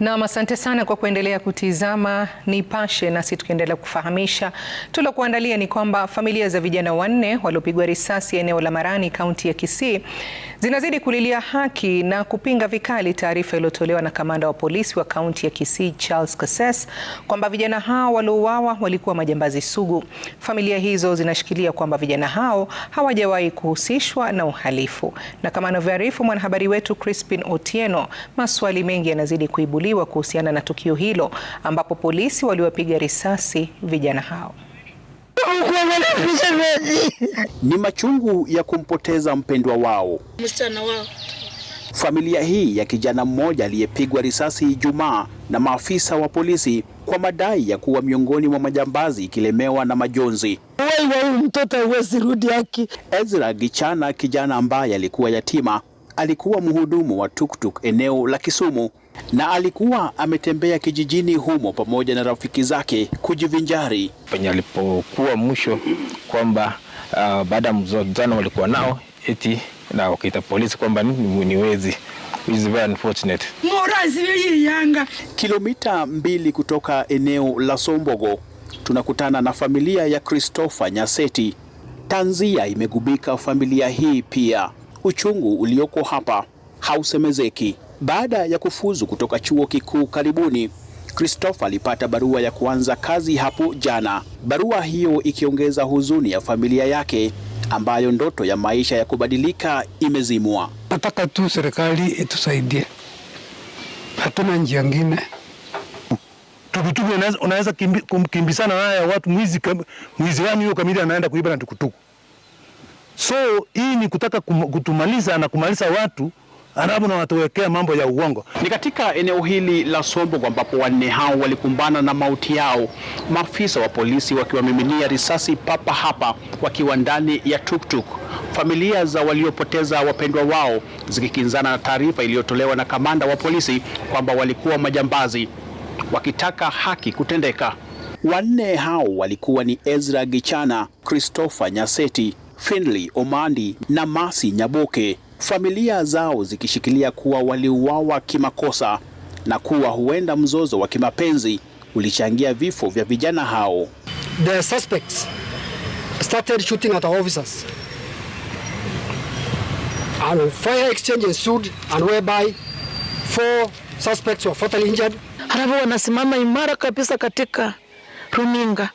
Nam, asante sana kwa kuendelea kutizama Nipashe, nasi tukiendelea kufahamisha tulokuandalia ni kwamba familia za vijana wanne waliopigwa risasi eneo la Marani, kaunti ya Kisii zinazidi kulilia haki na kupinga vikali taarifa iliyotolewa na kamanda wa polisi wa kaunti ya Kisii Charles Kasses kwamba vijana hao waliouawa walikuwa majambazi sugu. Familia hizo zinashikilia kwamba vijana hao hawajawahi kuhusishwa na uhalifu, na kama anavyoarifu mwanahabari wetu Crispin Otieno, maswali mengi yanazidi kuibuliwa kuchukuliwa kuhusiana na tukio hilo ambapo polisi waliwapiga risasi vijana hao. Ni machungu ya kumpoteza mpendwa wao, Familia hii ya kijana mmoja aliyepigwa risasi Ijumaa na maafisa wa polisi kwa madai ya kuwa miongoni mwa majambazi ikilemewa na majonzi. Wewe mtoto, huwezi rudi haki. Ezra Gichana, kijana ambaye alikuwa yatima alikuwa mhudumu wa tuktuk eneo la Kisumu na alikuwa ametembea kijijini humo pamoja na rafiki zake kujivinjari. Penye alipokuwa mwisho kwamba uh, baada ya mzozano walikuwa nao eti na wakaita polisi kwamba ni wezi. Kilomita mbili kutoka eneo la Sombogo tunakutana na familia ya Christopher Nyaseti. Tanzia imegubika familia hii pia. Uchungu ulioko hapa hausemezeki. Baada ya kufuzu kutoka chuo kikuu karibuni, Christopher alipata barua ya kuanza kazi hapo jana. Barua hiyo ikiongeza huzuni ya familia yake ambayo ndoto ya maisha ya kubadilika imezimwa. Nataka tu serikali itusaidie, hatuna njia ngine. Tukutuku unaweza kumkimbisana haya watu mwizi, mwizi wani huyo kamili anaenda kuiba na tukutuku So hii ni kutaka kutumaliza na kumaliza watu halafu na mambo ya uongo. Ni katika eneo hili la kwa ambapo wanne hao walikumbana na mauti yao, maafisa wa polisi wakiwamiminia risasi papa hapa wakiwa ndani ya tuktuk Familia za waliopoteza wapendwa wao zikikinzana na taarifa iliyotolewa na kamanda wa polisi kwamba walikuwa majambazi wakitaka haki kutendeka. Wanne hao walikuwa ni Ezra Gichana, Christopher Nyaseti Finley Omandi na Masi Nyaboke, familia zao zikishikilia kuwa waliuawa kimakosa na kuwa huenda mzozo wa kimapenzi ulichangia vifo vya vijana hao. The suspects started shooting at our officers and fire exchange ensued and whereby four suspects were fatally injured. Halafu wanasimama imara kabisa katika runinga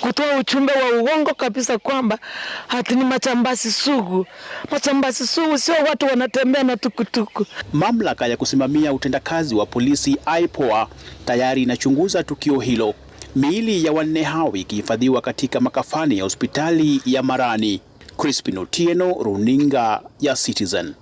kutoa uchumbe wa uongo kabisa kwamba hati ni machambasi sugu. machambasi sugu sio watu wanatembea na tukutuku. Mamlaka ya kusimamia utendakazi wa polisi IPOA tayari inachunguza tukio hilo, miili ya wanne hao ikihifadhiwa katika makafani ya hospitali ya Marani. Crispin Otieno, runinga ya Citizen.